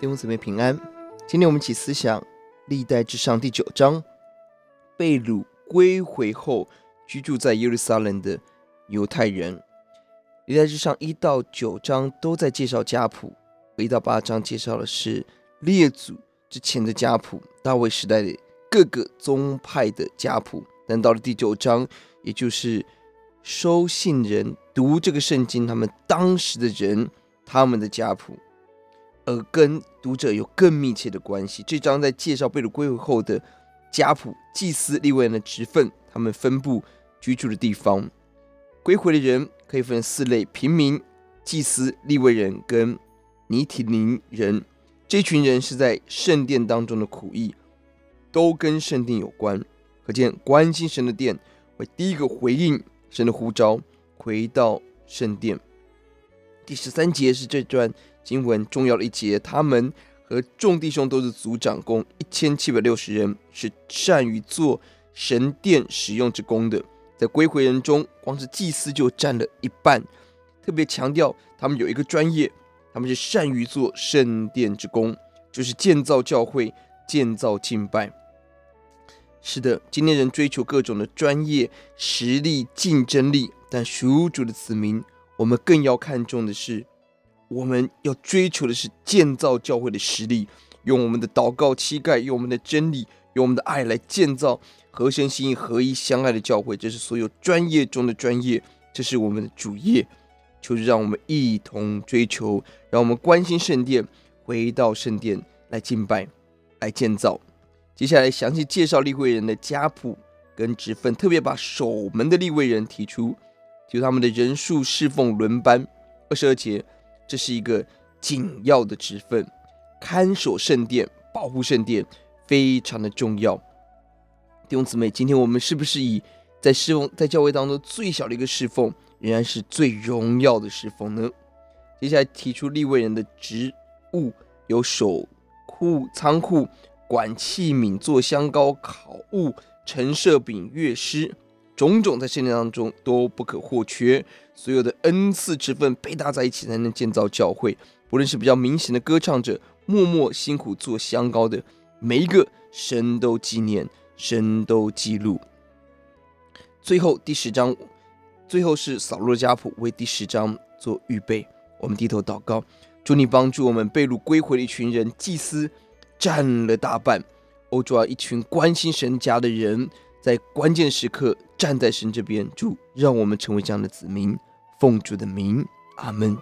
弟兄姊妹平安，今天我們一起思想《歷代志上》第九章。被擄歸回回後，居住在耶路撒冷的猶太人，《歷代志上》一到九章都在介紹家譜，一到八章介紹的是列祖之前的家譜，大衛時代的各個宗派的家譜，但到了第九章，也就是收信人讀這個聖經，他們當時的人，他們的家譜。而跟讀者有更密切的關係。這章在介紹被擄歸回後的家譜、祭司利未人的職分，他們分布居住的地方。歸回的人可以分四類：平民、祭司、利未人跟尼提寧人。這群人是在聖殿當中的苦役，都跟聖殿有關。可見關心神的殿，會第一個回應神的呼召，回到聖殿。第十三節是這段經文重要的一節，他們和眾弟兄都是族長工，共一千七百六十人，是善於做神殿使用之工的。在歸回人中，光是祭司就占了一半。特別強調，他們有一個專業，他們是善於做聖殿之工，就是建造教會、建造敬拜。是的，今天人追求各種的專業、實力、競爭力，但屬主的子民，我們更要看重的是。我們要追求的是建造教會的實力，用我們的禱告、膝蓋，用我們的真理，用我們的愛來建造合神心意合一相愛的教會。這是所有專業中的專業，這是我們的主業。求、就是、讓我們一同追求，讓我們關心聖殿，回到聖殿來敬拜，來建造。接下來詳細介紹利未人的家譜跟職分，特別把守門的利未人提出，提出他們的人數侍奉輪班。二十二節。這是一個緊要的職分，看守聖殿、保護聖殿，非常的重要。弟兄姊妹，今天我們是不是以在侍奉在教會當中最小的一個侍奉，仍然是最榮耀的侍奉呢？接下來提出利未人的職務，有守庫、倉庫、管器皿、做香膏、烤物、陳設餅、樂師。種種在聖殿當中都不可或缺，所有的恩賜之份配搭在一起才能建造教會。無論是比較明顯的歌唱者，默默辛苦做香膏的每一個，神都紀念，神都記錄。最後第十章，最後是掃羅家譜為第十章做預備。我們低頭禱告，主你幫助我們被擄歸，歸回的一群人，祭司佔了大半，歐住爾一群關心神家的人。在關鍵時刻站在神這邊，主讓我們成為這樣的子民，奉主的名，阿門。